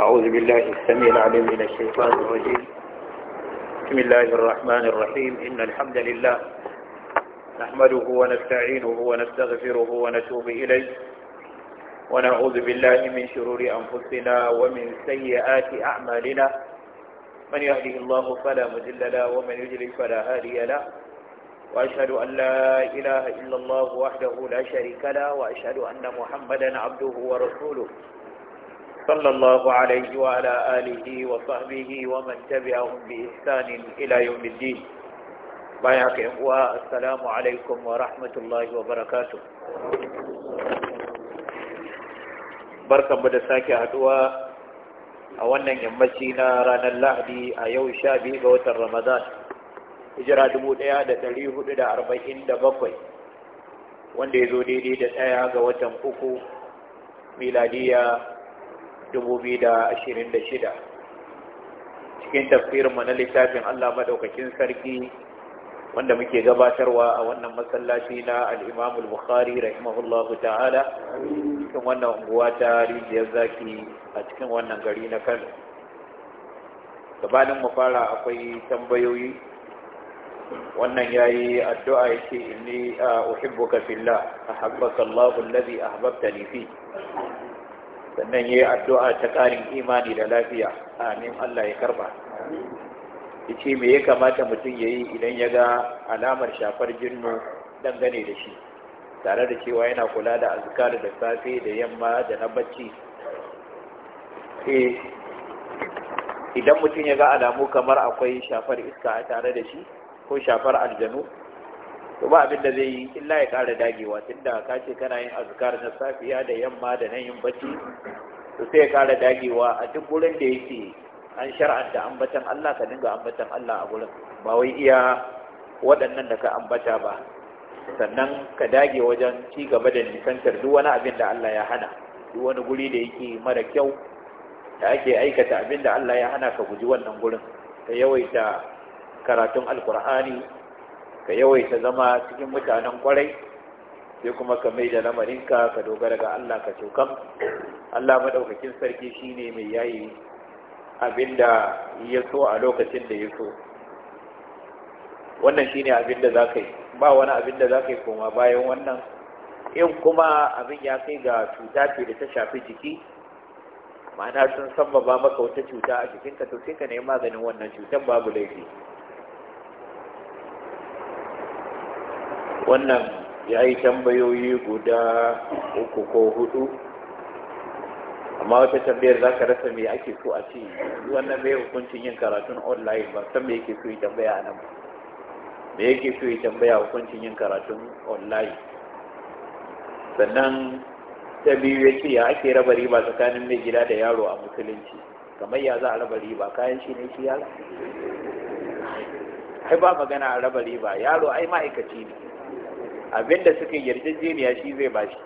أعوذ بالله السميع العليم من الشيطان الرجيم بسم الله الرحمن الرحيم إن الحمد لله نحمده ونستعينه ونستغفره ونتوب إليه ونعوذ بالله من شرور أنفسنا ومن سيئات أعمالنا من يهده الله فلا مذل له ومن يجلل فلا هادي له وأشهد أن لا إله إلا الله وحده لا شريك له وأشهد أن محمدا عبده ورسوله صلى الله عليه وعلى آله وصحبه ومن تبعهم بإحسان إلى يوم الدين بايعك والسلام عليكم ورحمة الله وبركاته بركة بدساك أدواء a wannan yammaci na ranar lahadi a yau sha biyu ga watan ramadan hijira dubu ɗaya da dari hudu da arba'in da bakwai wanda ya zo daidai da ɗaya ga watan uku miladiya 2026 cikin tafsirinmu na littafin Allah madaukakin sarki wanda muke gabatarwa a wannan masallaci na al-Imam bukhari rahimahullahu ta'ala cikin wannan unguwa ta rijiyar zaki a cikin wannan gari na Kano gabanin mu fara akwai tambayoyi wannan yi addu'a yake inni uhibbuka fillah ahabbaka Allahu alladhi ahbabtani fi sannan ya yi addu'a ta ƙarin imani da lafiya amin Allah ya karba ya ce me ya kamata mutum ya yi idan ya ga alamar shafar jinnu dangane da shi tare da cewa yana kula da azkar da safe da yamma da na bacci eh, idan mutum ya ga alamu kamar akwai shafar iska a tare da shi ko shafar aljanu to ba abin da zai yi illa ya kara dagewa tunda ka ce kana yin azkar na safiya da yamma da nan yin bacci to sai ya ƙara dagewa a duk wurin da yake an shar'anta ambatan Allah ka dinga ambatan Allah a wurin ba wai iya waɗannan da ka ambata ba sannan ka dage wajen ci gaba da nisantar duk wani abin da Allah ya hana duk wani guri da yake mara kyau da ake aikata abin da Allah ya hana ka guji wannan gurin ka yawaita karatun alkur'ani ka yawaita zama cikin mutanen kwarai sai kuma ka mai da lamarinka ka dogara ga Allah ka cokan Allah madaukakin sarki shine mai yayi abinda ya so a lokacin da ya so wannan shine abinda za ka yi ba wani abinda za ka yi koma bayan wannan in kuma abin ya kai ga cuta ce da ta shafi jiki ma'ana sun sababa maka wata cuta a jikinka to sai ka nemi maganin wannan cutar babu laifi wannan ya yi tambayoyi guda uku ko hudu amma wata tambayar za ka rasa me ake so a ce wannan mai hukuncin yin karatun online ba san mai yake so yi tambaya a nan ba me yake so yi tambaya hukuncin yin karatun online sannan ta biyu ya ce ya ake raba riba tsakanin mai gida da yaro a musulunci kamar ya za a raba riba kayan shi ne shi yaro ai ba magana a raba riba yaro ai ma'aikaci ne abinda suka yarjejeniya shi zai bashi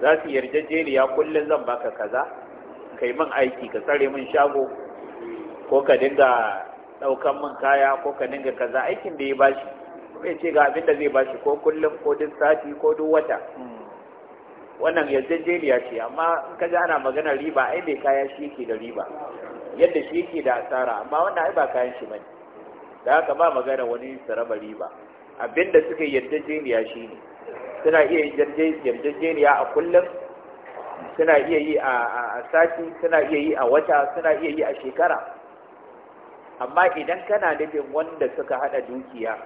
za su yarjejeniya kullum zan baka kaza kai min aiki ka tsare min shago ko ka dinga daukan min kaya ko ka dinga kaza aikin da ya bashi bai ce ga abinda zai bashi ko kullum ko duk sati ko duk wata wannan yarjejeniya ce amma in ka ji ana magana riba ai mai kaya shi yake da riba yadda shi yake da asara amma wannan ai ba kayan shi bane da haka ba magana wani raba riba abinda suka yi yarjejeniya ne, suna iya yi yarjejeniya a kullum suna iya yi a sati suna iya yi a wata suna iya yi a shekara amma idan kana nufin wanda suka hada dukiya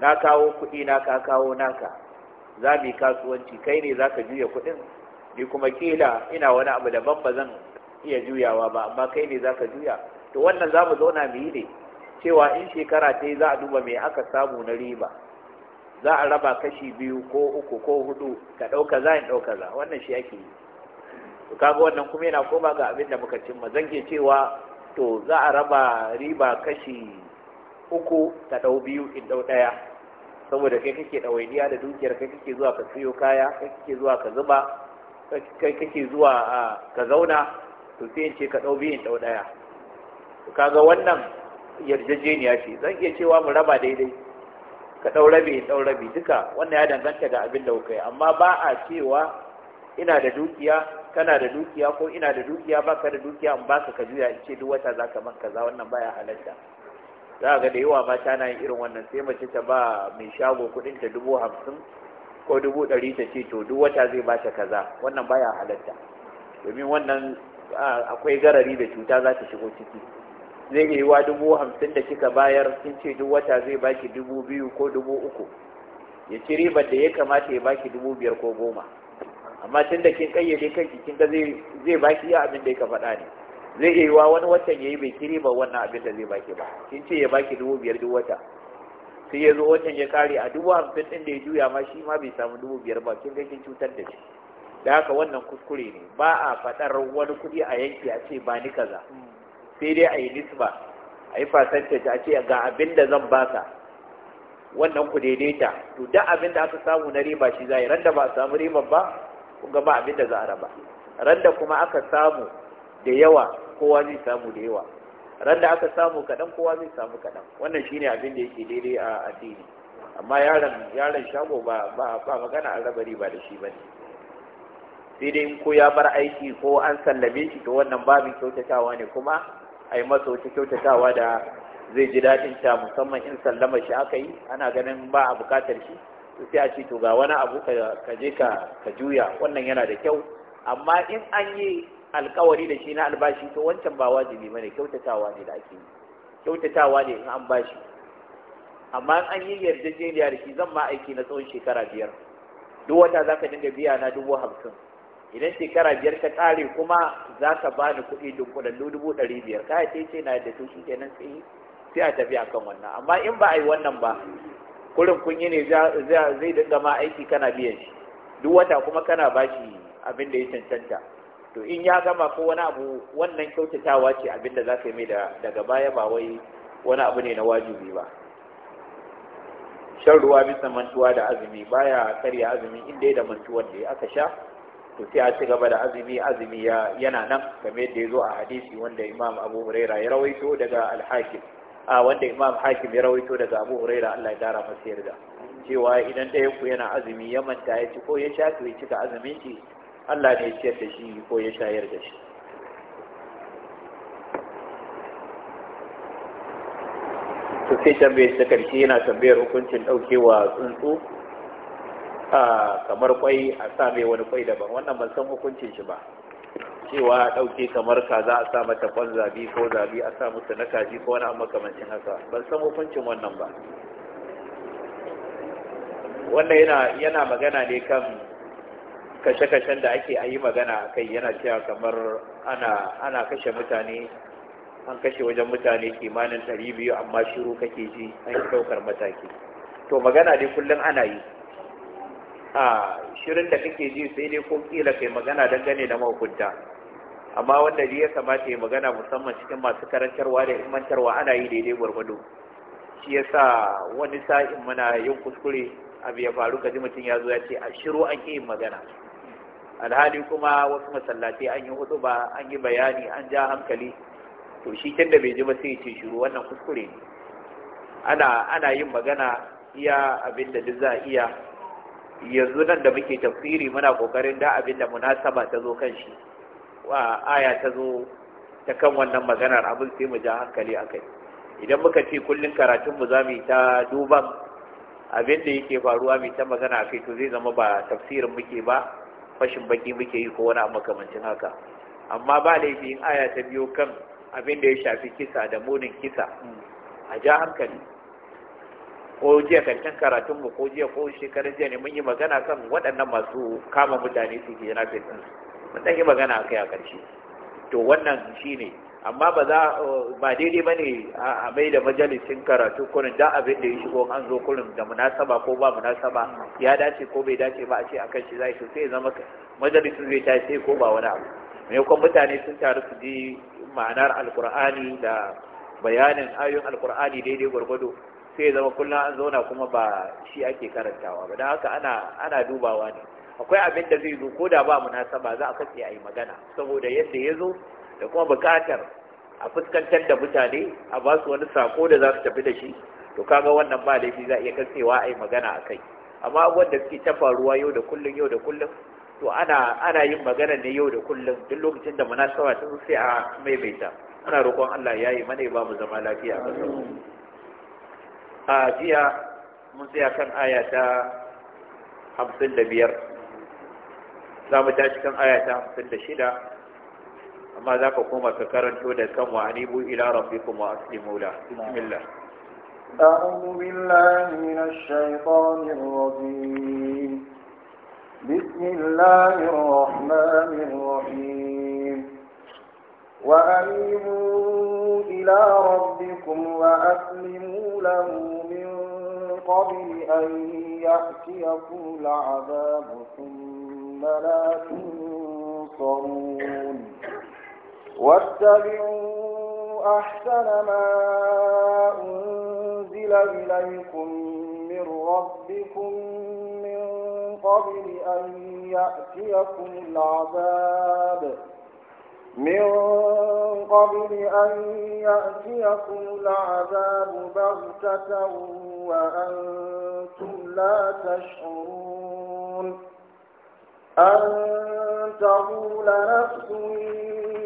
na kawo kuɗi na ka kawo naka za mu yi kasuwanci kai ne za ka juya kuɗin ni kuma kila ina wani abu daban ba zan iya juyawa ba amma kai ne za ka juya to wannan za mu zauna mu yi ne cewa in shekara ta yi za a duba mai aka samu na riba za a raba kashi biyu ko uku ko hudu ka ɗauka za in ɗauka za wannan shi ake yi to kaga wannan kuma yana koma ga abin da muka cimma zan ke cewa to za a raba riba kashi uku ka ɗau biyu in ɗau ɗaya saboda kai kake ɗawainiya da dukiyar kai kake zuwa ka siyo kaya kai kake zuwa ka zuba kai kake zuwa ah, ka zauna to sai in ce ka ɗau biyu in ɗau ɗaya kaga wannan yarjejeniya ce zan iya cewa mu raba daidai ka ɗau rabi ɗaura duka wannan ya danganta ga abin da kuka yi amma ba a cewa ina da dukiya kana da dukiya ko ina da dukiya baka da dukiya in baka ka juya in ce duk wata za ka man kaza wannan baya halatta za ga da yawa mata na yin irin wannan sai mace ta ba mai shago kuɗin ta dubu hamsin ko dubu ɗari ta ce to duk wata zai ba ta kaza wannan baya halatta domin wannan akwai garari da cuta za ta shigo ciki zai iya yiwa dubu hamsin da kika bayar sun ce duk wata zai baki dubu biyu ko dubu uku ya ci ribar da ya kamata ya baki dubu biyar ko goma amma tun da kin kayyade kanki kin ga zai baki ya abin da ya faɗa ne zai iya yiwa wani watan ya yi bai ci ribar wannan abin da zai baki ba kin ce ya baki dubu biyar duk wata sai ya zo watan ya kare a dubu hamsin ɗin da ya juya ma shi ma bai samu dubu biyar ba kin ga kin cutar da shi da haka wannan kuskure ne ba a faɗar wani kuɗi a yanki a ce ba ni kaza sai dai a yi nisba a yi fasanta, a ce ga abin da zan baka wannan ku daidaita to duk abin da aka samu na riba shi zai yi randa ba a samu riban ba ku ga ba abin da za a raba randa kuma aka samu da yawa kowa zai samu da yawa randa aka samu kaɗan kowa zai samu kaɗan wannan shine abin da yake daidai a addini amma yaron yaron shago ba ba ba magana an raba riba da shi bane sai dai ko ya bar aiki ko an sallame shi to wannan babin kyautatawa ne kuma a yi masa wata kyautatawa da zai ji daɗin ta musamman in sallama shi aka yi ana ganin ba a buƙatar shi sai a ce to ga wani abu ka je ka juya wannan yana da kyau amma in an yi alkawari da shi na albashi to wancan ba wajibi bane kyautatawa ne da ake yi kyautatawa ne in an bashi amma in an yi yarjejeniya da shi zan ma aiki na tsawon shekara biyar duk wata zaka ka dinga biya na dubu hamsin idan shekara biyar ta ƙare kuma za ka ba ni kuɗi dunkulan dubu ɗari biyar ka yi na da to kenan sai sai a tafi akan wannan amma in ba a yi wannan ba kurin kun ne zai dinga ma aiki kana biyan shi duk wata kuma kana ba shi abin da ya cancanta to in ya gama ko wani abu wannan kyautatawa ce abin da za ka yi mai daga baya ba wai wani abu ne na wajibi ba shan ruwa bisa mantuwa da azumi baya karya azumi inda da mantuwan da ya aka sha to sai a ci gaba da azumi azumi yana nan game da ya zo a hadisi wanda imam abu huraira ya rawaito daga alhakim a wanda imam hakim ya rawaito daga abu huraira allah ya dara masa yarda cewa idan ɗaya ku yana azumi ya manta ya ci ko ya sha to ya cika azumin shi allah ne ya ciyar da shi ko ya shayar da shi to sai tambayar ta karshe yana tambayar hukuncin ɗaukewa tsuntsu a kamar kwai a sa mai wani kwai daban wannan ban san hukuncin shi ba cewa ɗauke kamar ka za a sa mata kwan zabi ko zabi a sa musu na kaji ko wani makamancin haka ban san hukuncin wannan ba wannan yana yana magana ne kan kashe-kashen da ake ayi magana a kai yana cewa kamar ana ana kashe mutane an kashe wajen mutane kimanin biyu, amma shiru kake ji an yi ɗaukar mataki to magana dai kullum ana yi a shirin da kake ji sai dai ko kila kai magana dangane da mahukunta amma wanda ji ya kamata ya magana musamman cikin masu karantarwa da imantarwa, ana yi daidai gwargwado shi yasa wani sa'in muna yin kuskure abu ya faru ga mutum ya zo ya ce a shiru an yin magana alhali kuma wasu masallatai an yi hudu ba an yi bayani an ja hankali to shi tun da bai ji ba sai ya ce shiru wannan kuskure ne ana ana yin magana iya abin da duk za a iya yanzu nan da muke tafsiri muna kokarin da abin da munasaba ta zo kan shi wa aya ta zo ta kan wannan maganar abin sai mu ja hankali akai idan muka ce kullun karatun mu zamu ta duban abin da yake faruwa mai ta magana akai to zai zama ba tafsirin muke ba fashin baki muke yi ko wani abu makamancin haka amma ba laifi in aya ta biyo kan abin da ya shafi kisa da munin kisa a ja hankali ko jiya karshen karatun mu ko jiya ko shekarar jiya ne mun yi magana kan waɗannan masu kama mutane su ke yana fesin mun ɗan yi magana akai a ƙarshe to wannan shine amma ba za ba daidai ba ne a mai da majalisin karatu kurin da abin da ya shigo an zo kurin da munasaba ko ba munasaba ya dace ko bai dace ba a ce a kan shi za shi sai zama majalisin zai tashi ko ba wani abu maimakon mutane sun taru su ji ma'anar alkur'ani da bayanin ayoyin alkur'ani daidai gwargwado sai zama kullum an zauna kuma ba shi ake karantawa ba don haka ana ana dubawa ne akwai abin da zai zo ko da ba munasaba za a katse a magana saboda yadda ya zo da kuma buƙatar a fuskantar da mutane a ba su wani sako da za su tafi da shi to kaga wannan ba laifi za a iya katsewa ayi magana a kai amma abubuwan da suke ta faruwa yau da kullum yau da kullum to ana ana yin magana ne yau da kullum duk lokacin da munasaba ta sai a maimaita ana roƙon Allah ya yi mana ya ba mu zama lafiya a ƙasar a jiya mun tsaya kan aya ta hamsin da biyar za mu tashi kan aya ta hamsin da shida amma za ka koma ka karanto da kan wa anibu ila rabbikum wa aslimu la bismillah أعوذ بالله من الشيطان الرجيم بسم الله الرحمن الرحيم وأنيبوا إلى ربكم وأسلموا له من قبل أن يأتيكم العذاب ثم لا تنصرون واتبعوا أحسن ما أنزل إليكم من ربكم من قبل أن يأتيكم العذاب من قبل أن يأتيكم العذاب بغتة وأنتم لا تشعرون أن تقول نفس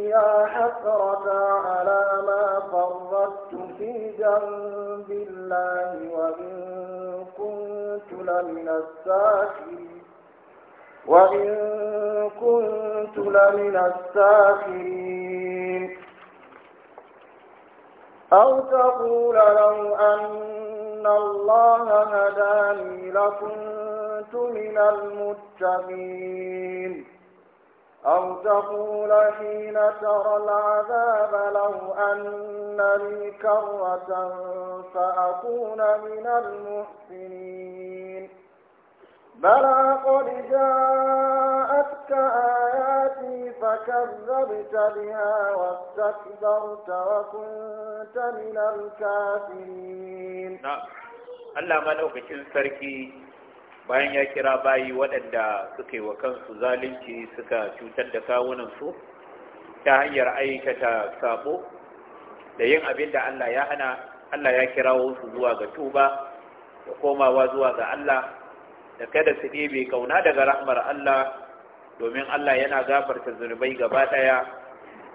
يا حسرة على ما فرطت في جنب الله وإن كنت لمن الساخرين وإن كنت لمن الساخرين أو تقول لو أن الله هداني لكنت من المتقين أو تقول حين ترى العذاب لو أن لي كرة فأكون من المحسنين بلى قد جاءتك آياتي فكذبت بها واستكبرت وكنت من الكافرين نعم الله ملوكتين سركي bayan ya kira bayi waɗanda suka yi wa kansu zalunci suka cutar da kawunansu ta hanyar aikata sabo da yin abin da Allah ya hana Allah ya kirawo su zuwa ga tuba da komawa zuwa ga Allah da kada su ɗebe kauna daga rahmar Allah domin Allah yana gafarta zunubai gaba ɗaya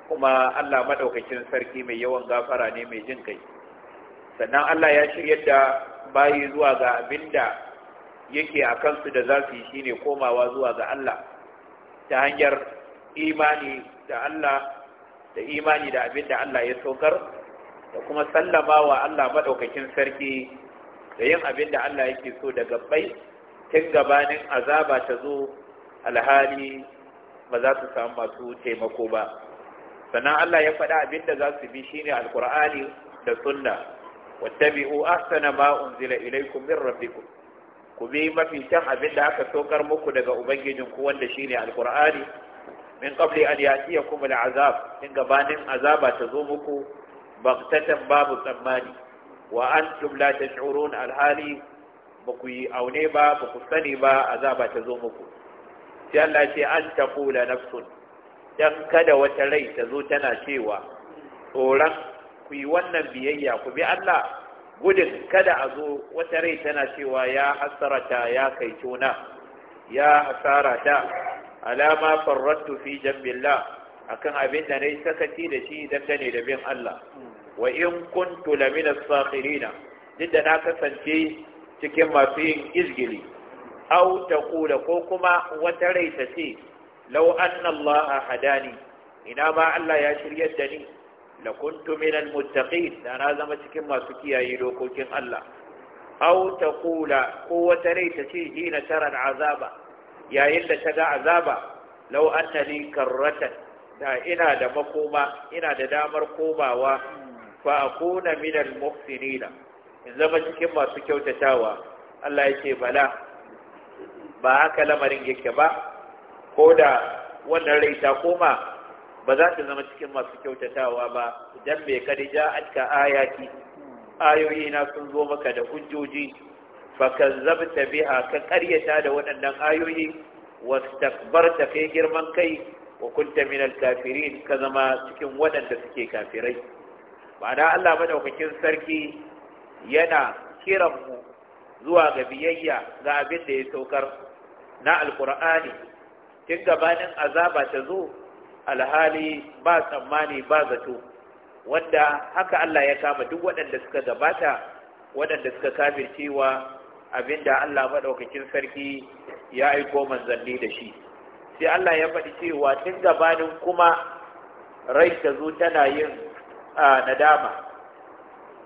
kuma Allah maɗaukakin sarki mai yawan gafara ne mai jin kai sannan Allah ya shirya da bayi zuwa ga abin da yake a kansu da za su yi shi ne komawa zuwa ga Allah ta hanyar imani da Allah da imani da abin da Allah ya saukar da kuma sallama wa Allah maɗaukakin sarki da yin abin da Allah yake so daga bai tun gabanin azaba ta zo alhali ba za su samu masu taimako ba sannan Allah ya faɗa abin da za su bi shine alkur'ani da sunna wattabi'u ahsana ma unzila ilaykum min rabbikum ku bi mafi kyan abin da aka sokar muku daga ubangijin ku wanda shine alkur'ani min qabli an yatiyakum al'azab in gabanin azaba ta zo muku baghtatan babu tsammani wa antum la tash'urun alhali ba ku yi aune ba ba ku sani ba azaba ta zo muku sai Allah ce an taqula nafsun dan kada wata rai ta zo tana cewa tsoron ku yi wannan biyayya ku bi Allah gudun kada a zo wata rai tana cewa ya hasarata ya kai tuna ya hasarata alama farrattu fi jambillah akan abin da nayi sakaci da shi dangane da bin Allah wa in kuntu lamina sakhirina duk da na kasance cikin masu yin izgili aw taqula ko kuma wata rai ta ce law Allah hadani ina ma Allah ya shiryar da ni la kuntu minal muttaqin da na zama cikin masu kiyaye dokokin Allah aw taqula ko wata rai ta ce hina tara azaba yayin da ta ga azaba law anna li da ina da makoma ina da damar komawa fa akuna minal muhsinina in zama cikin masu kyautatawa Allah ya ce bala ba haka lamarin yake ba ko da wannan rai ta koma ba za ta zama cikin masu kyautatawa ba idan bai kadi ja atka ayati ayoyi na sun zo maka da hujjoji ta biha ka karyata da waɗannan ayoyi wastakbarta kai girman kai wa kunta min alkafirin ka zama cikin waɗanda suke kafirai Ba da Allah madaukakin sarki yana kiranmu zuwa ga biyayya ga abin da ya saukar na alkur'ani tun gabanin azaba ta zo alhali ba tsammani ba zato wanda haka Allah ya kama duk waɗanda suka gabata waɗanda suka kafircewa abinda da Allah maɗaukakin sarki ya aiko manzanni da shi sai Allah ya faɗi cewa tun gabanin kuma rai ta zo tana yin ah, nadama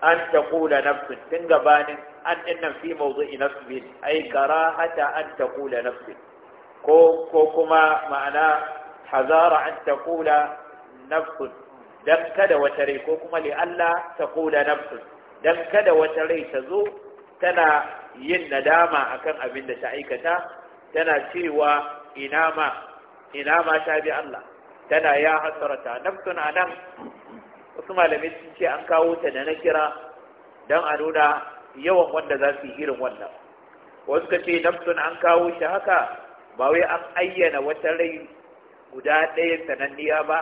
an taqula nafsin tun gabanin an dinnan fi mawdu'i nafsin ay karahata an taqula nafsin ko ko kuma ma'ana hazara an taqula nafsin dan kada wata rai ko kuma li Allah taqula nafsin dan kada wata rai ta zo tana yin nadama akan abin da ta aikata tana cewa ina ma ina ta bi Allah tana ya hasarata nafsun anan wasu malamai sun ce an kawo ta da na kira don a nuna yawan wanda za su yi irin wannan wasu ka ce nafsun an kawo shi haka ba wai an ayyana wata rai guda ɗaya sananniya ba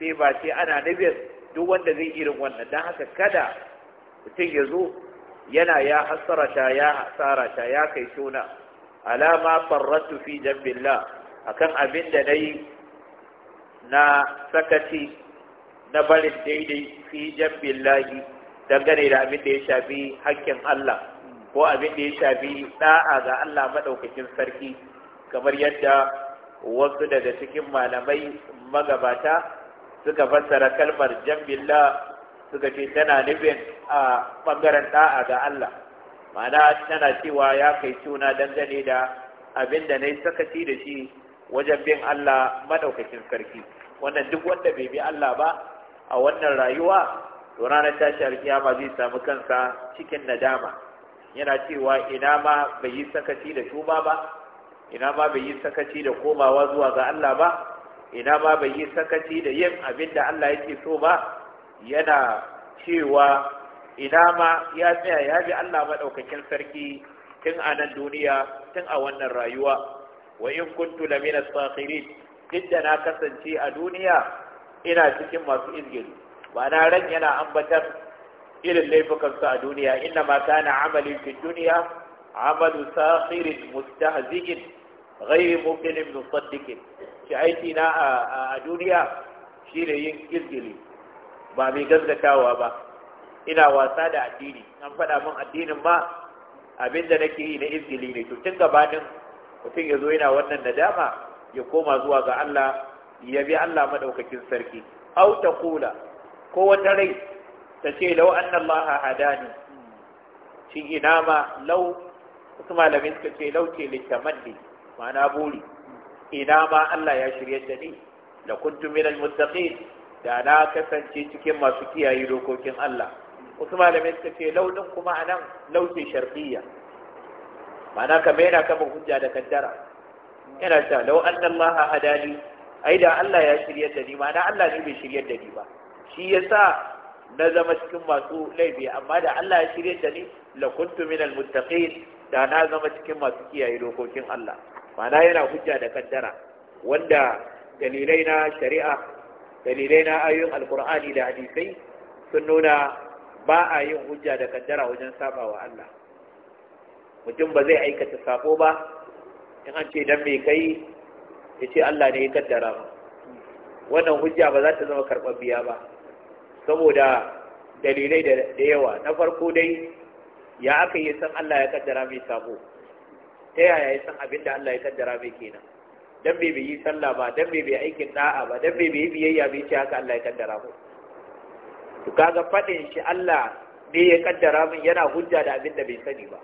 sai ba sai ana nufin duk wanda zai irin wannan don haka kada mutum ya zo yana ya hasarata ya hasarata ya kai tona alama farratu fi la akan abin da na yi na sakaci na barin daidai fi jambin lahi dangane da abin da ya shafi hakkin Allah ko abin da ya shafi da'a ga Allah maɗaukakin sarki kamar yadda wasu daga cikin malamai magabata suka fassara kalmar la suka ce tana nufin a ɓangaren da'a ga Allah Mana tana cewa ya kai suna dangane da abin da na yi sakaci da shi wajen bin Allah maɗaukakin sarki wannan duk wanda bai bi Allah ba a wannan rayuwa to ranar tashi alkiyama zai samu kansa cikin nadama yana cewa ina ma bai yi sakaci da tuba ba ina ma bai yi sakaci da komawa zuwa ga Allah ba ina ma bai yi sakaci da yin abin da Allah yake so ba yana cewa ina ma ya tsaya ya bi Allah maɗaukakin sarki tun a nan duniya tun a wannan rayuwa wa in kuntu lamina sakhirin duk da na kasance a duniya ina cikin masu izgiri. ba na ran yana ambatar irin laifukansu a duniya inna ma na amalin fi duniya amalu sakhirin mustahzikin ghairi muqinin musaddiqin shi aiki na a duniya shine yin izgili ba mai gaskatawa ba ina wasa da addini an faɗa min addinin ma abinda nake yi na izgili ne to tun gabanin mutum ya zo yana wannan nadama ya koma zuwa ga Allah yabi Allah madaukakin sarki aw taqula ko wata rai ta ce law anna Allah hadani shi ina ma law wasu malamai suka ce law ce litamanni ma'ana buri ina ma Allah ya shirye da ni la kuntu minal muttaqin da na kasance cikin masu kiyaye dokokin Allah wasu malamai suka ce launin kuma anan lauce shar'iyya ma'ana kamar yana kama hujja da kaddara yana ta lau anna Allah hadani ai da Allah ya shirya da ni ma na Allah ne bai shirya da ni ba shi yasa na zama cikin masu laifi amma da Allah ya shirya da ni la kuntu al muttaqin da na zama cikin masu kiyaye dokokin Allah ma'ana yana hujja da kaddara wanda dalilai na shari'a dalilai na ayoyin alqur'ani da hadisai sun nuna ba a yin hujja da kaddara wajen saba wa Allah mutum ba zai aikata sako ba in an ce dan me kai ya ce Allah ne ya kaddara ba wannan hujja ba za ta zama biya ba saboda dalilai da yawa na farko dai ya aka yi san Allah ya kaddara mai sabo ta yaya ya san abin da Allah ya kaddara mai kenan dan bai bai yi sallah ba dan bai bai aikin da'a ba dan bai bai biyayya bai ce haka Allah ya kaddara mu to kaga fadin shi Allah ne ya kaddara min yana hujja da abin da bai sani ba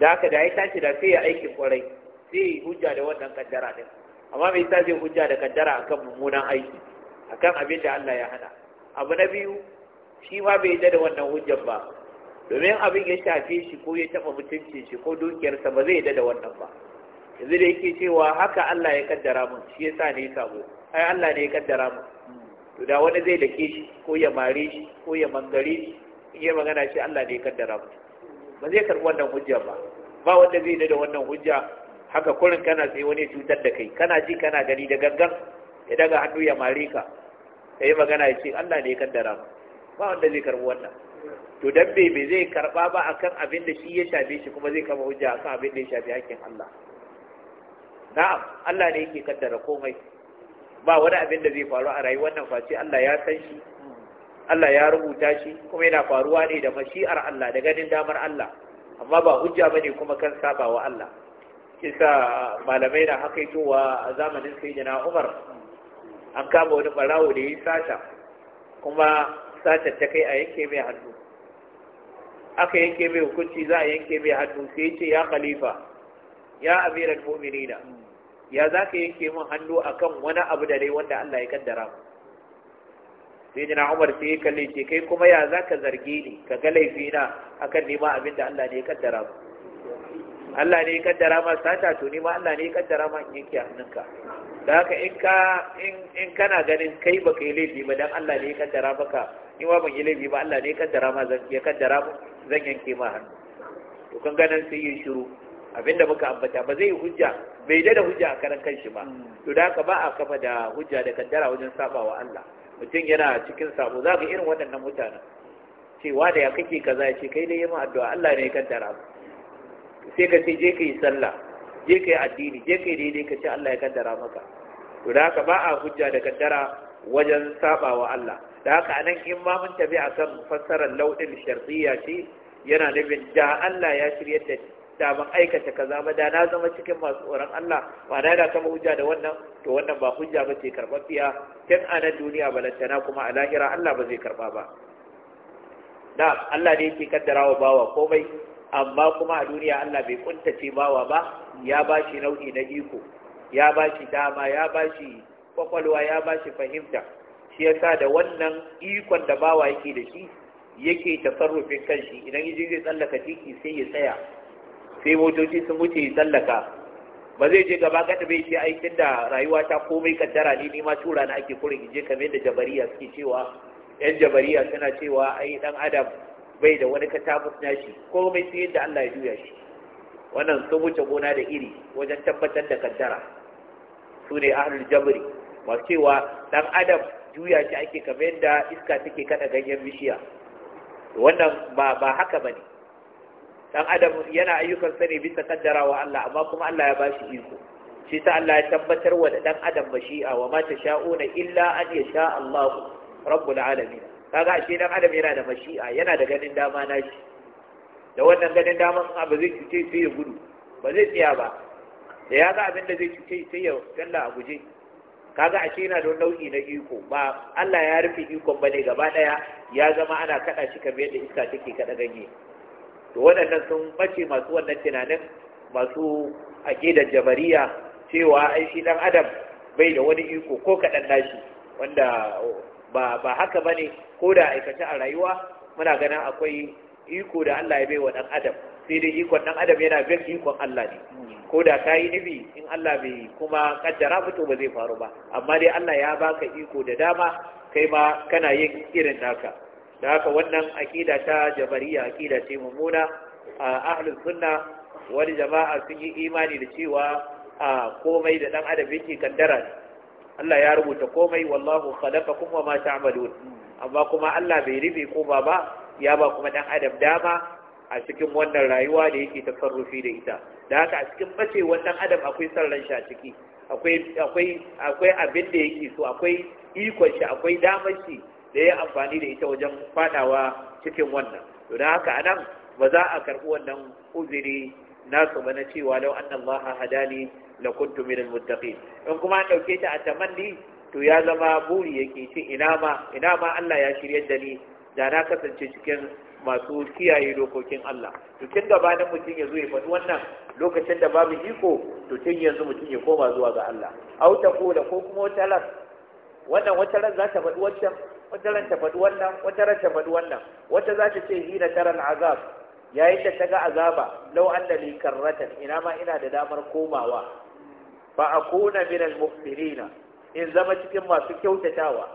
da haka da ya tashi da sai ya aikin kwarai sai yi hujja da wannan kaddara din amma me yasa zai hujja da kaddara akan mummunan aiki akan abin da Allah ya hana abu na biyu shi ma bai yadda da wannan hujjar ba domin abin ya shafe shi ko ya taɓa mutuncin shi ko dukiyarsa ba zai yadda da wannan ba yanzu da yake cewa haka Allah ya kaddara mun shi yasa ne ya samu ai Allah ne ya kaddara mun to da wani zai dake shi ko ya mare shi ko ya mangare shi in ya magana shi Allah ne ya kaddara mun ba zai karɓi wannan hujja ba ba wanda zai yi da wannan hujja haka kurin kana sai wani cutar da kai kana ji kana gani da gangan ya daga hannu ya mare ka ya yi magana ya ce Allah ne kan dara ba wanda zai karbi wannan to dan bai bai zai karba ba akan abin da shi ya shafe shi kuma zai kama hujja akan abin da ya shafe hakkin Allah na'am Allah ne yake kaddara komai ba wani abin da zai faru a rayuwar nan face Allah ya san shi Allah ya rubuta shi kuma yana faruwa ne da mashi'ar Allah da ganin damar Allah amma ba hujja bane kuma kan sabawa Allah kisa malamai na haka towa a zamanin sayyidina Umar an kama wani barawo da yi sata kuma satar ta kai a yanke mai hannu aka yanke mai hukunci za a yanke mai hannu sai ya ce ya khalifa ya amiral mu'minina ya za ka yanke min hannu a kan wani abu da dai wanda Allah ya kaddara mu sai jina umar sai ya kalle ce kai kuma ya za ka zarge ni ka ga laifina akan nema abin da Allah ne ya kaddara mu Allah ne ya kaddara ma sata to ni ma Allah ne ya kaddara ma in yanke hannunka da haka in ka in kana ganin kai baka yi laifi ba dan Allah ne ya kaddara baka ni ma ban yi laifi ba Allah ne ya kaddara ma zan ya kaddara mu zan yanke ma hannu to kan ganin sai yi shiru abinda muka ambata ba zai hujja bai da hujja a karan kanshi ba to da haka ba a kafa da hujja da kaddara wajen sabawa Allah mutum yana cikin sabo za ga irin waɗannan mutanen cewa da ya kake kaza ya ce kai dai yi ma addu'a Allah ne ya kaddara mu sai ka ce je ka yi sallah je ka yi addini je ka yi daidai ka ce Allah ya kaddara maka to da haka ba a hujja da kaddara wajen sabawa Allah da haka anan in ma mun tabi akan fassarar laudin shartiyya ce yana nufin da Allah ya shirye da da ban aikata kaza ba da na zama cikin masu tsoron Allah ba na da kama hujja da wannan to wannan ba hujja ba ce karɓaɓɓiya tun a nan duniya balantana kuma a lahira Allah ba zai karɓa ba da Allah ne yake kaddara wa bawa komai amma kuma a duniya Allah bai kuntace bawa ba ya bashi nau'i na iko ya bashi dama ya bashi kwakwalwa ya bashi fahimta shi yasa da wannan ikon da bawa yake da shi yake tasarrufin kanshi idan yaje zai tsallaka titi sai ya tsaya sai motoci sun wuce ya tsallaka ba zai je gaba gata bai ce aikin da rayuwa ta komai kaddara ne ni ma tura na ake kurin je kamar da jabariya suke cewa yan jabariya suna cewa ai dan adam bai da wani katabus nashi komai sai da Allah ya juya shi wannan sun wuce gona da iri wajen tabbatar da kaddara su ne ahlul Jamri. masu cewa dan adam juya shi ake kamar yadda iska take kada ganyen bishiya wannan ba ba haka bane dan adam yana ayyukan sa ne bisa kaddarawa Allah amma kuma Allah ya bashi iko shi ta Allah ya tabbatar wa da dan adam a wa ma tasha'una illa an yasha Allah rabbul alamin kaga ashe dan adam yana da mashi'a yana da ganin dama na shi da wannan ganin dama daman abu zai cuce sai ya gudu ba zai tsaya ba da ya ga abin da zai cuce sai ya talla a guje kaga ashe yana da nau'i na iko ba Allah ya rufe ikon ne gaba daya ya zama ana kada shi kamar yadda iska take kada ganye to waɗannan sun bace masu wannan tunanin masu aqidar jabariya cewa ai shi dan adam bai da wani iko ko kadan nashi wanda ba ba haka bane ko da aikace a rayuwa muna ganin akwai iko da Allah ya bai wa dan adam sai dai ikon dan adam yana bin ikon Allah ne ko da kai nufi in Allah bai kuma kaddara fito ba zai faru ba amma dai Allah ya baka iko da dama kai ma kana yin irin naka da haka wannan aqida ta jabariya aqida ce mummuna ahlus sunna wani jama'a sun yi imani da cewa komai da dan adam yake kaddara ne Allah ya rubuta komai wallahu khalaqakum wa ma ta'malun amma kuma Allah bai rubi ko ba ba ya ba kuma dan adam dama a cikin wannan rayuwa da yake tasarrufi da ita da haka a cikin bace wannan adam akwai san ran shi a ciki akwai akwai akwai abin da yake so akwai ikon shi akwai damar shi da ya amfani da ita wajen fadawa cikin wannan to da haka anan ba za a karbi wannan uzuri nasu ba na cewa lau anna Allah hadani la kuntu min almuttaqin in kuma an dauke ta a tamanni to ya zama buri yake ce ina ma ina ma Allah ya shirye da ni da na kasance cikin masu kiyaye dokokin Allah to kin gabanin mutum ya zo ya faɗi wannan lokacin da babu iko to tun yanzu mutun ya koma zuwa ga Allah au ta kula ko kuma wata ran wannan wata ran za ta faɗi wancan wata ran ta faɗi wannan wata ran ta faɗi wannan wata za ta ce hina taral azab yayin da ta ga azaba lau anna li karratan ina ma ina da damar komawa fa akuna min al in zama cikin masu kyautatawa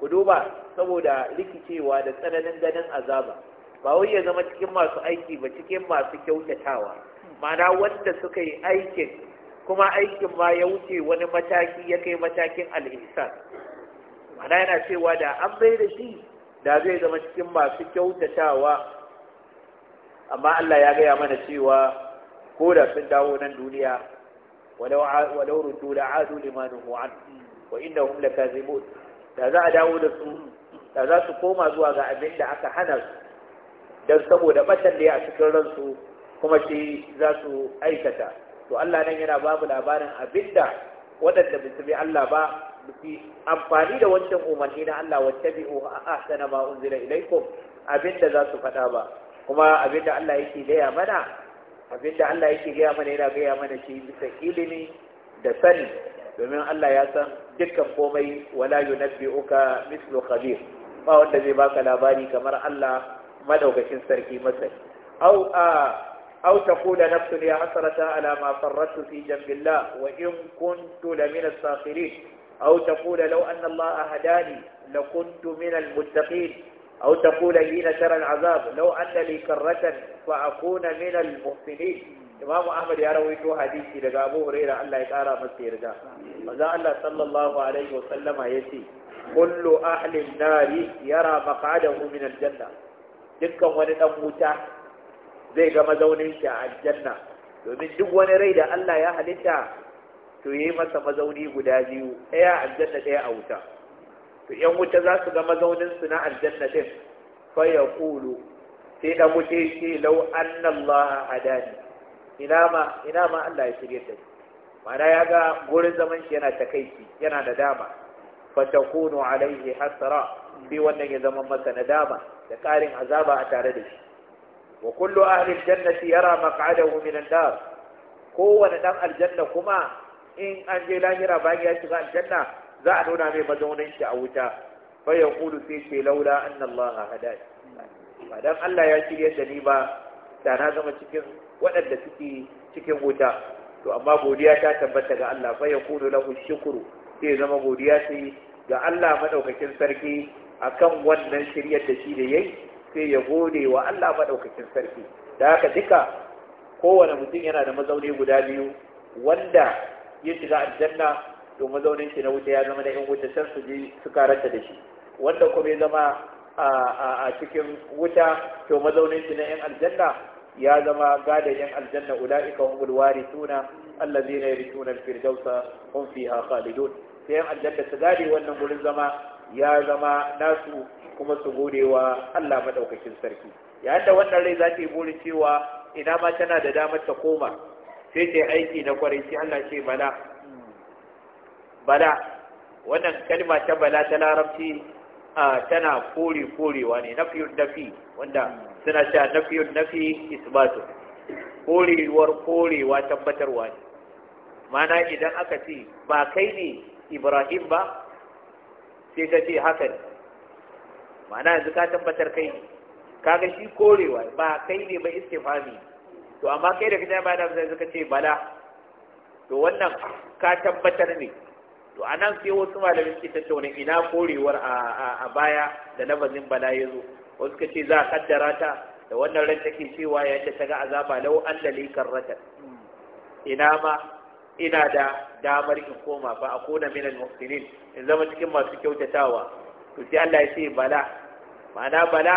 ku duba saboda rikicewa da tsananin ganin azaba ba wai ya zama cikin masu aiki ba cikin masu kyautatawa ma'ana wanda suka yi aikin kuma aikin ma ya wuce wani mataki ya kai matakin al'insan ma'ana yana cewa da an bai da shi da zai zama cikin masu kyautatawa amma Allah ya gaya mana cewa ko da sun dawo nan duniya walau walau rudu limanuhu an wa innahum lakazibun da za a dawo da su da za su koma zuwa ga abin da aka hana su dan saboda batan da ya a cikin ransu kuma shi za su aikata to Allah nan yana babu labarin abinda waɗanda bisu bi Allah ba bi amfani da wancan umarni na Allah wattabi'u ahsana ma unzila ilaykum abinda za su faɗa ba kuma abinda Allah yake gaya mana abinda Allah yake gaya mana yana gaya mana shi bisa ilimi da sani domin Allah ya san dukkan komai wala yunabbi'uka mislu khabir ba wanda zai baka labari kamar Allah madaukakin sarki masai au a أو تقول نفس يا حسرة على ما فرطت في جنب الله وإن كنت لمن الساخرين أو تقول لو أن الله هداني لكنت من المتقين أو تقول حين ترى العذاب لو أن لي كرة فأكون من المحسنين إمام أحمد يرويته حديثي لقى أبو هريرة الله يتعالى مسير جاء وذا الله صلى الله عليه وسلم يسي كل أهل النار يرى مقعده من الجنة دكا ونن موتا زي كما زونين شاء الجنة domin duk wani rai da Allah ya halitta to yi masa mazauni guda biyu ɗaya aljanna ɗaya a wuta to yan wuta za su ga mazaunin su na aljanna din fa yaqulu sai da wuta shi lau annallaha hadani ina ma ina ma Allah ya shirye ta mana ya ga gurin zaman shi yana takaici yana da dama fa takunu alaihi hasra bi wannan ya zama masa nadama da karin azaba a tare da shi wa kullu ahli aljannati yara maq'adahu min an-nar kowane dan aljanna kuma in an je lahira bayan ya shiga aljanna za a nuna mai mazaunin shi a wuta fa ya kulu sai ce laula anna Allah hadani ba dan Allah ya shirya da ni ba da na zama cikin waɗanda suke cikin wuta to amma godiya ta tabbata ga Allah fa ya lahu shukru sai zama godiya sai ga Allah madaukakin sarki akan wannan shiryar da shi da yayi sai ya gode wa Allah madaukakin sarki da haka duka kowane mutum yana da mazauni guda biyu wanda ya shiga aljanna to mazaunin shi na wuta ya zama na yan wuta sai su ji su karanta da shi wanda kuma ya zama a cikin wuta to mazaunin shi na yan aljanna ya zama gadan yan aljanna ulaika humul warithuna allazina yarithuna alfirdausa hum fiha khalidun sai yan aljanna su gade wannan gurin zama ya zama nasu kuma su gode wa Allah madaukakin sarki yayin da wannan rai za ta yi burin cewa ina ma tana da damar ta koma sai ta aiki na kwarai sai Allah ce bala bala wannan kalma ta bala ta larabci tana kore korewa ne na nafiyun nafi wanda suna cewa nafiyun nafi isbatu korewar korewa tabbatarwa ne mana idan aka ce ba kai ne ibrahim ba sai ka ce haka ne mana yanzu ka tabbatar kai ne kaga shi korewa ba kai ne ba istifami to amma kai da kaje ba da ce bala to wannan ka tabbatar ne to a nan sai wasu malamin ta tattauna ina korewar a baya da lafazin bala ya zo wasu ka ce za a kaddara ta da wannan ran take cewa yadda ta ga azaba lau an da karrata ina ma ina da damar in koma ba a kona minan muslimin in zama cikin masu kyautatawa to sai Allah ya ce bala ma'ana bala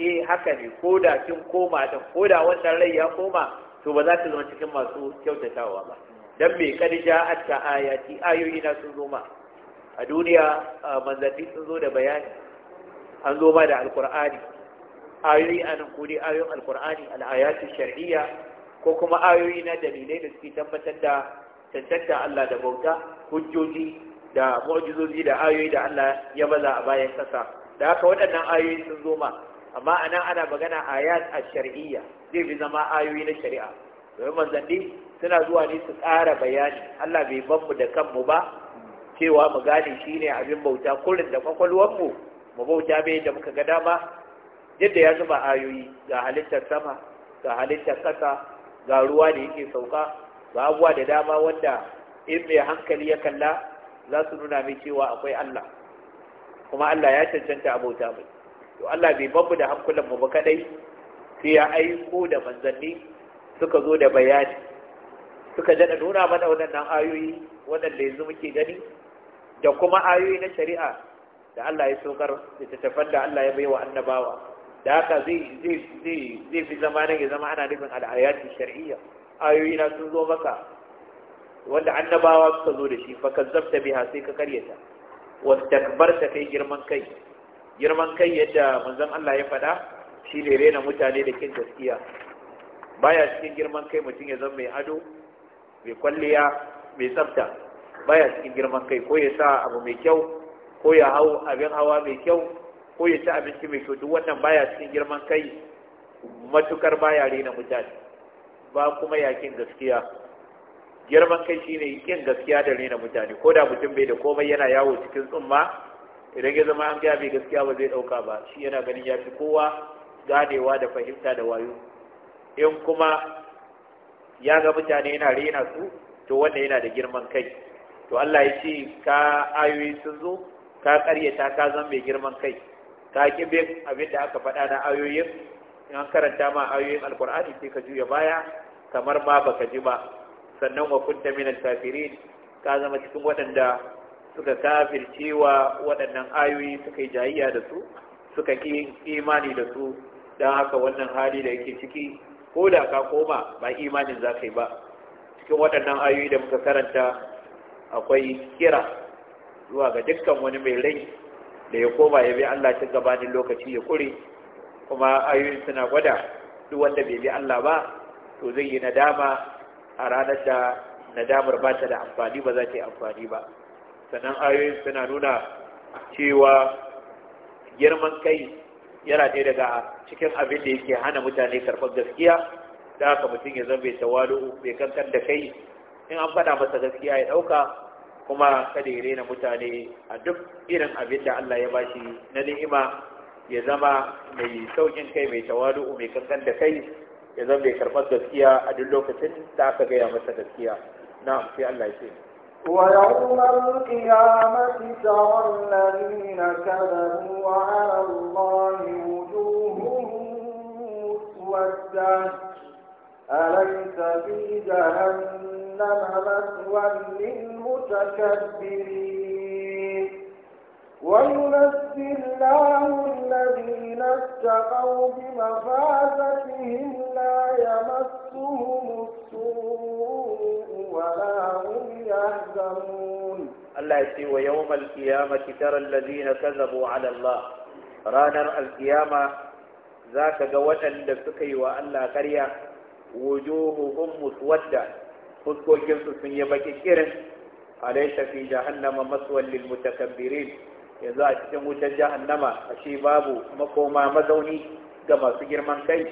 eh haka ne ko da kin koma da ko da wannan rai ya koma to ba za ta zama cikin masu kyautatawa ba dan me kad ja atta ayati ayoyi na sun zo ma a duniya manzanni sun zo da bayani an zo ma da alqur'ani ayoyi an ko ayoyin alqur'ani al ayati shar'iyya ko kuma ayoyi na dalilai da suke tabbatar da tantanta Allah da bauta hujjoji da mu'jizoji da ayoyi da Allah ya baza a bayan kasa da haka waɗannan ayoyi sun zo ma amma anan ana magana ayat ash-shar'iyya zai bi zama ayoyi na shari'a domin manzanni suna zuwa ne su ƙara bayani Allah bai ban mu da kanmu ba cewa mu gane shi ne abin bauta kullum da kwakwalwar mu mu bauta bai da muka ga dama yadda ya zuba ayoyi ga halittar sama ga halittar ƙasa ga ruwa da yake sauka ga abuwa da dama wanda in mai hankali ya kalla za su nuna mai cewa akwai Allah kuma Allah ya cancanta a bauta mai to Allah bai babu da hankulan mu ba kaɗai, sai ya aiko da manzanni suka zo da bayani suka jada nuna mana waɗannan ayoyi waɗanda yanzu muke gani da kuma ayoyi na shari'a da Allah ya sokar littattafan da Allah ya bai wa annabawa da haka zai fi zama nan ya zama ana nufin al'ayatun shari'iyya ayoyi na sun zo maka wanda annabawa suka zo da shi ka zabta biha sai ka karyata wa takbarta kai girman kai girman kai yadda manzon Allah ya faɗa shi ne rena mutane da kin gaskiya baya cikin girman kai mutum ya zama mai ado mai kwalliya mai tsafta baya cikin girman kai ko ya sa abu mai kyau ko ya hau abin hawa mai kyau ko ya ci abinci mai kyau duk wannan baya cikin girman kai matukar baya rena mutane ba kuma yakin gaskiya girman kai shine yakin gaskiya da rena mutane ko da mutum bai da komai yana yawo cikin tsumma idan ya zama an gaya mai gaskiya ba zai dauka ba shi yana ganin ya fi kowa ganewa da fahimta da wayo in kuma ya ga mutane yana rena su to wanda yana da girman kai to Allah ya ce ka ayoyi sun zo ka karyata ka zan mai girman kai ka bin abin da aka faɗa na ayoyin in an karanta ma ayoyin alkur'ani sai ka juya baya kamar ma baka ji ba sannan wa kunta minal kafirin ka zama cikin waɗanda suka kafircewa waɗannan ayoyi suka yi jayayya da su suka ki imani da su don haka wannan hali da yake ciki ko da ka koma ba imanin za ka yi ba cikin waɗannan ayoyi da muka karanta akwai kira zuwa ga dukkan wani mai rai da ya koma ya bi Allah cin gabanin lokaci ya kure kuma ayoyin suna gwada duk wanda bai bi Allah ba to zai yi nadama a ranar da nadamar ba ta da amfani ba za ta yi amfani ba sannan ayoyin suna nuna cewa girman kai yana ɗaya daga cikin abin da yake hana mutane karɓar gaskiya da haka mutum ya zama bai tawalu bai kankan da kai in an faɗa masa gaskiya ya ɗauka kuma kada ya rena mutane a duk irin abin da Allah ya bashi na ni'ima ya zama mai saukin kai mai tawalu mai kankan da kai ya zama bai karɓar gaskiya a duk lokacin da aka gaya masa gaskiya na sai Allah ya ce ويوم القيامة ترى الذين كذبوا على الله وجوههم مسودة أليس في جهنم مثوى للمتكبرين وينزل الله الذين اتقوا بمفازتهم لا يمسهم السوء ولا هم تهزمون الله يسي ويوم القيامة ترى الذين كذبوا على الله رانر القيامة ذاك قوتا لسكي وألا قرية وجوههم مسودة فسكو جنس من يبكي كرن أليس في جهنم مسوى للمتكبرين yanzu a cikin wutar jahannama ashe babu makoma mazauni ga masu girman kai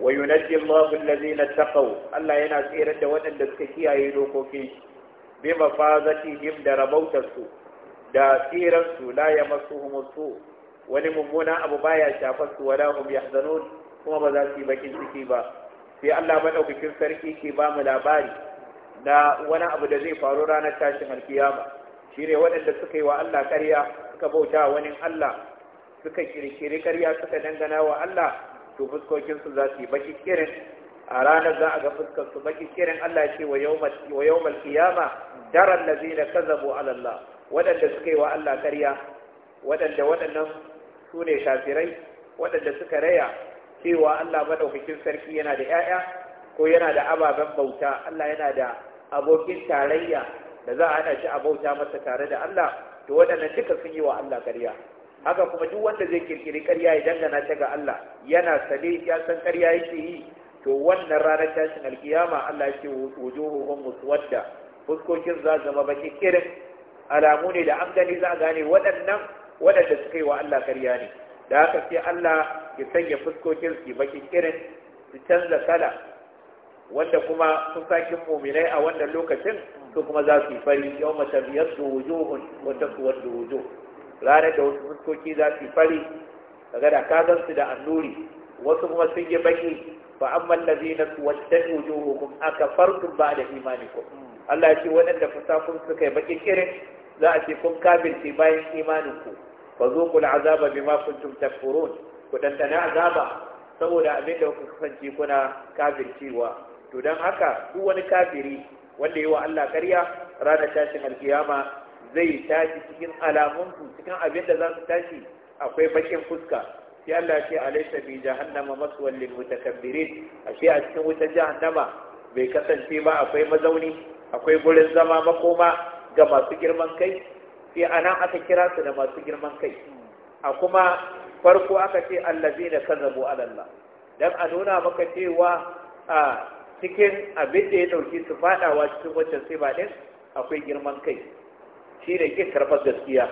wa yunajji Allahu allazina taqaw Allah yana tsere da waɗanda suka kiyaye dokokin bi mafazatihim da rabautarsu da tsiransu la ya masu humusu wani mummuna abu baya shafar su wala hum yahzanun kuma ba za su yi bakin ciki ba sai Allah madaukakin sarki ke ba mu labari na wani abu da zai faru ranar tashin alkiyama shine waɗanda suka yi wa Allah ƙarya suka bauta wani Allah suka kirkiri ƙarya suka dangana wa Allah to fuskokinsu za su yi baki kirin a ranar za a ga fuskansu su baki kirin Allah ce wa yawmal qiyama daral ladina kazabu ala Allah waɗanda suka yi wa Allah karya. Waɗanda waɗannan su ne shafirai waɗanda suka raya cewa Allah maɗaukakin sarki yana da yaya ko yana da ababen bauta Allah yana da abokin tarayya da za a hada shi a bauta masa tare da Allah to wadannan duka sun yi wa Allah karya. haka kuma duk wanda zai kirkiri ƙarya ya dangana ta ga Allah yana sane ya san ƙarya yake yi to wannan ranar tashin alkiyama Allah ya ce wujuhuhum muswadda fuskokin za su zama baki kirin alamu ne da amgani za gane waɗannan waɗanda suka yi wa Allah karya ne da haka sai Allah ya sanya fuskokin su baki kirin su canza kala wanda kuma fusakin muminai a wannan lokacin su kuma za su yi fari yau mace biyar su wujuhun wata kuwar da wujuh ranar da wasu fuskoki za su yi fari daga da ka su da annuri wasu kuma sun yi baki fa amman ladina wattaju wujuhukum akafartu da imanikum Allah yake wanda fasakun suka yi baki kirin za a ce kun kafir ce bayan imanin ku fa zuqul azaba bima kuntum takfurun ku dan azaba saboda abin da kuka sanje kuna kafir cewa to don haka duk wani kafiri wanda yayi wa Allah ƙarya rana tashi alkiyama zai tashi cikin alamun cikin abin da za su tashi akwai bakin fuska sai Allah ya ce laisa bi jahannama maswal lil mutakabbirin ashe a cikin wuta jahannama bai kasance ba akwai mazauni akwai gurin zama makoma ga masu girman kai sai anan aka kira su da masu girman kai a kuma farko aka ce allazina kazabu ala Allah dan a nuna maka cewa a cikin abin da ya dauki su fadawa cikin wancan sai ba din akwai girman kai shi ne ke karɓar gaskiya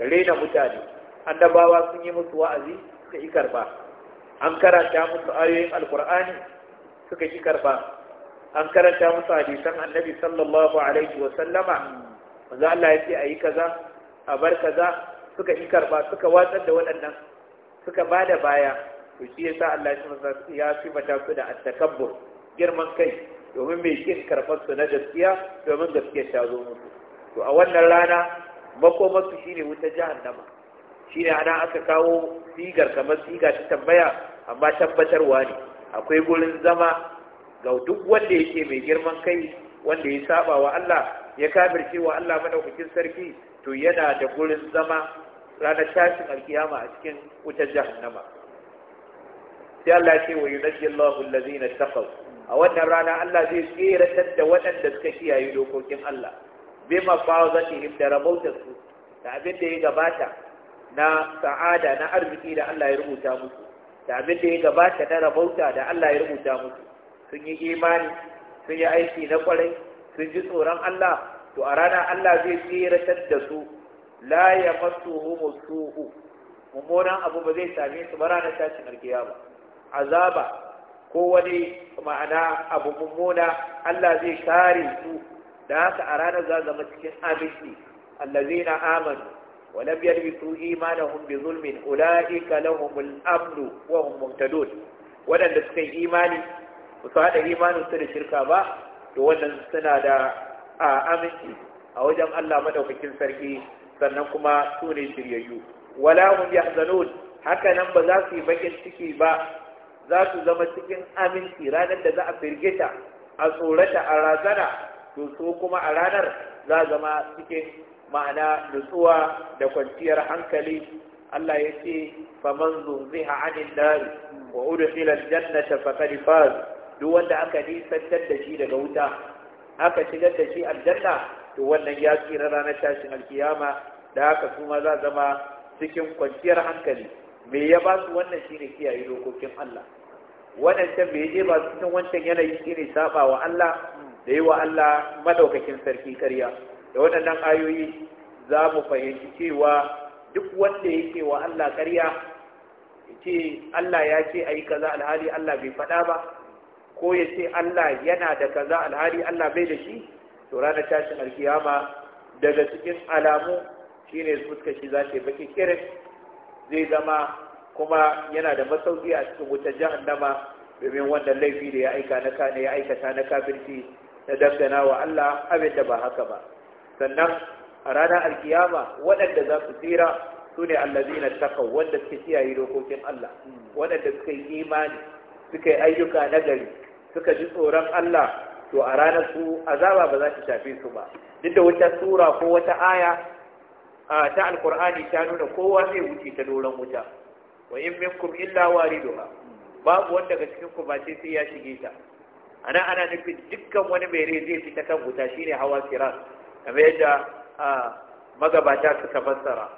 da rena mutane annabawa sun yi musu wa'azi suka yi karba an karanta musu ayoyin alkur'ani suka yi karba an karanta musu hadisan annabi sallallahu alaihi wa sallama manzo Allah ya ce ayi kaza a bar kaza suka yi karba suka watsar da waɗannan suka ba da baya to shi yasa Allah ya fi mata su da at-takabbur girman kai domin mai kin karfar su na gaskiya domin gaskiya ta zo musu to a wannan rana su shine wuta jahannama shi ne ana aka kawo sigar kamar siga ta tambaya amma tabbatarwa ne akwai gurin zama ga duk wanda yake mai girman kai wanda ya saba wa Allah ya kafirce wa Allah madaukakin sarki to yana da gurin zama ranar tashin alkiyama a cikin wutar jahannama sai Allah ya ce wa yunajji Allahu allazina taqaw a wannan rana Allah zai tseratar da waɗanda suka kiyaye dokokin Allah bima fawzatihim da rabautar su da abin da ya gabata na sa'ada na arziki da Allah ya rubuta musu da abin da ya gabata na rabauta da Allah ya rubuta musu sun yi imani sun yi aiki na kwarai sun ji tsoron Allah to a rana Allah zai tsiratar da su la ya masu su'u mummunan abu ba zai same su ba ranar tashin arkiya ba azaba ko wani ma'ana abu mummuna Allah zai kare su da haka a ranar za zama cikin aminci allazina amanu ولم يلبسوا إيمانهم بظلم أولئك لهم الأمن وهم مهتدون ولن تسكي إيماني وصهد إيمان سنة شركة با ولن سنة دا آمن أو جم الله مدى وكين سركي سننكما سوني شريعيو ولا هم يحزنون haka nan ba za su yi bakin ciki ba za su zama cikin aminci ranar da za a firgita a tsorata a razana to so kuma a ranar za zama cikin ma'ana nutsuwa da kwanciyar hankali Allah ya ce faman zunziha anin nar wa udkhila aljannata faqad faz duk wanda aka nisantar da shi daga wuta aka shigar da shi aljanna to wannan ya tsira ranar tashin alkiyama da haka kuma za zama cikin kwanciyar hankali me ya ba su wannan shine kiyaye dokokin Allah wannan can me ya ba su cikin wancan yanayi shine saba wa Allah da yi wa Allah madaukakin sarki karya. da waɗannan ayoyi za mu fahimci cewa duk wanda yake wa Allah ƙarya ce Allah ya ce a yi kaza alhali Allah bai faɗa ba ko ya ce Allah yana da kaza alhali Allah bai da shi to ranar tashin alkiyama daga cikin alamu shine fuskar shi za ta baki kirin zai zama kuma yana da masauki a cikin wutar jahannama domin wannan laifi da ya aika na ya aikata na kafirci na dangana wa Allah abin da ba haka ba sannan a ranar alkiyama waɗanda za su tsira su ne allazina taqaw wanda suke kiyaye dokokin Allah waɗanda suka yi imani suka yi ayyuka nagari suka ji tsoron Allah to a ranar su azaba ba za ta shafe su ba duk da wata sura ko wata aya ta alkur'ani ta nuna kowa zai wuce ta doron wuta wa in minkum illa wariduha babu wanda daga cikin ku ba sai sai ya shige ta ana ana nufin dukkan wani mai rai zai fita kan wuta shine hawa sirat kamar yadda magabata suka fassara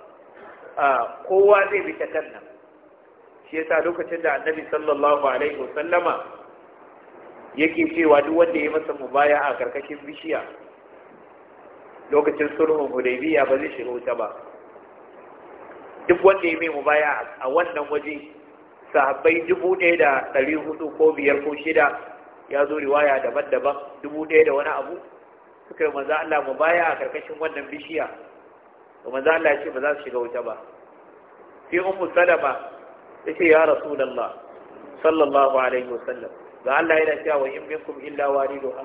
kowa zai bi ta kan nan shi yasa lokacin da annabi sallallahu alaihi wasallama yake cewa duk wanda ya masa mubaya a karkashin bishiya lokacin sulhun hudaybiya ba zai shiga wuta ba duk wanda ya mai mubaya a wannan waje sahabbai dubu ɗaya da ɗari hudu ko biyar ko shida ya zo riwaya daban-daban dubu ɗaya da wani abu suka yi Maza Allah mu baya a karkashin wannan bishiya to Maza Allah ya ce ba za su shiga wuta ba sai ummu salama tace ya rasulullah sallallahu alaihi wasallam ga Allah yana cewa wa in minkum illa wariduha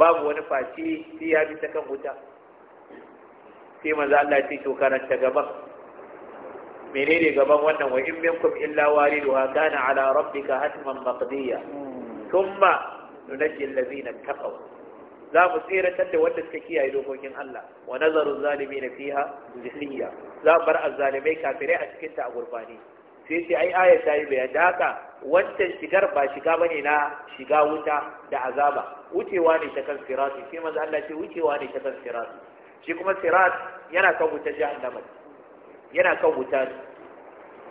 babu wani face sai ya bi ta kan wuta sai Maza Allah ya ce to karanta gaban menene gaban wannan wa in minkum illa wariduha kana ala rabbika hatman maqdiya hmm. thumma nunajji allazina taqaw za mu tseratar da wanda suka kiyaye dokokin Allah wa nazaru na fiha jahiliya za bar azzalimai kafire a cikin ta a gurbani sai sai ai ayat ta yi bayan da haka wancan shigar ba shiga bane na shiga wuta da azaba wucewa ne ta kan sirati sai manzo Allah ce wucewa ne ta kan sirati shi kuma sirat yana kan wuta jahannama yana kan wuta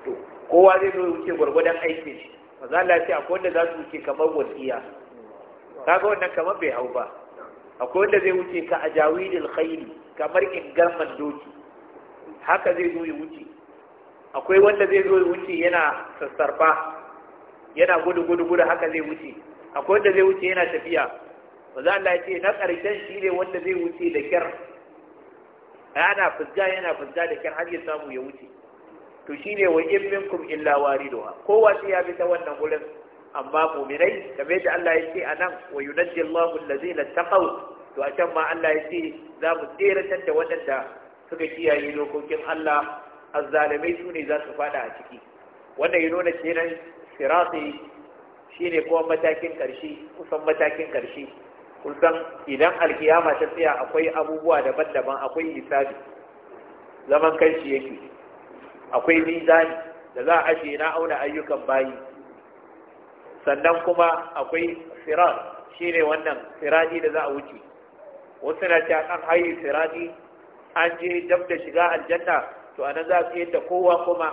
to kowa zai zo wuce gurgurdan aikin shi manzo Allah ce akwai wanda za su wuce kamar wasiya kaga wannan kamar bai hau ba akwai wanda zai wuce ka a jawilin khairi kamar ingarman doki haka zai zo ya wuce akwai wanda zai zo ya wuce yana sassarfa yana gudu gudu gudu haka zai wuce akwai wanda zai wuce yana tafiya za Allah ya ce na ƙarshen shi ne wanda zai wuce da kyar Yana fuzga yana fuzga da kyar har ya samu ya wuce to shi ne wa in minkum illa wariduha kowa sai ya bi ta wannan gurin amma mu'minai kamar da Allah ya ce anan wa yunajji Allahu allazina taqaw to a can ma Allah ya ce za mu tseratar da waɗanda suka kiyaye dokokin Allah azzalimai su ne za su fada a ciki wannan ya nuna kenan sirati shine kuma matakin karshe kusan matakin karshe kusan idan alkiyama ta tsaya akwai abubuwa daban-daban akwai hisabi zaman kanshi yake akwai mizani da za a ajiye na auna ayyukan bayi sannan kuma akwai shi shine wannan firaji da za a wuce wasu na cewa an hayi an je dab da shiga aljanna to a nan za su yadda kowa kuma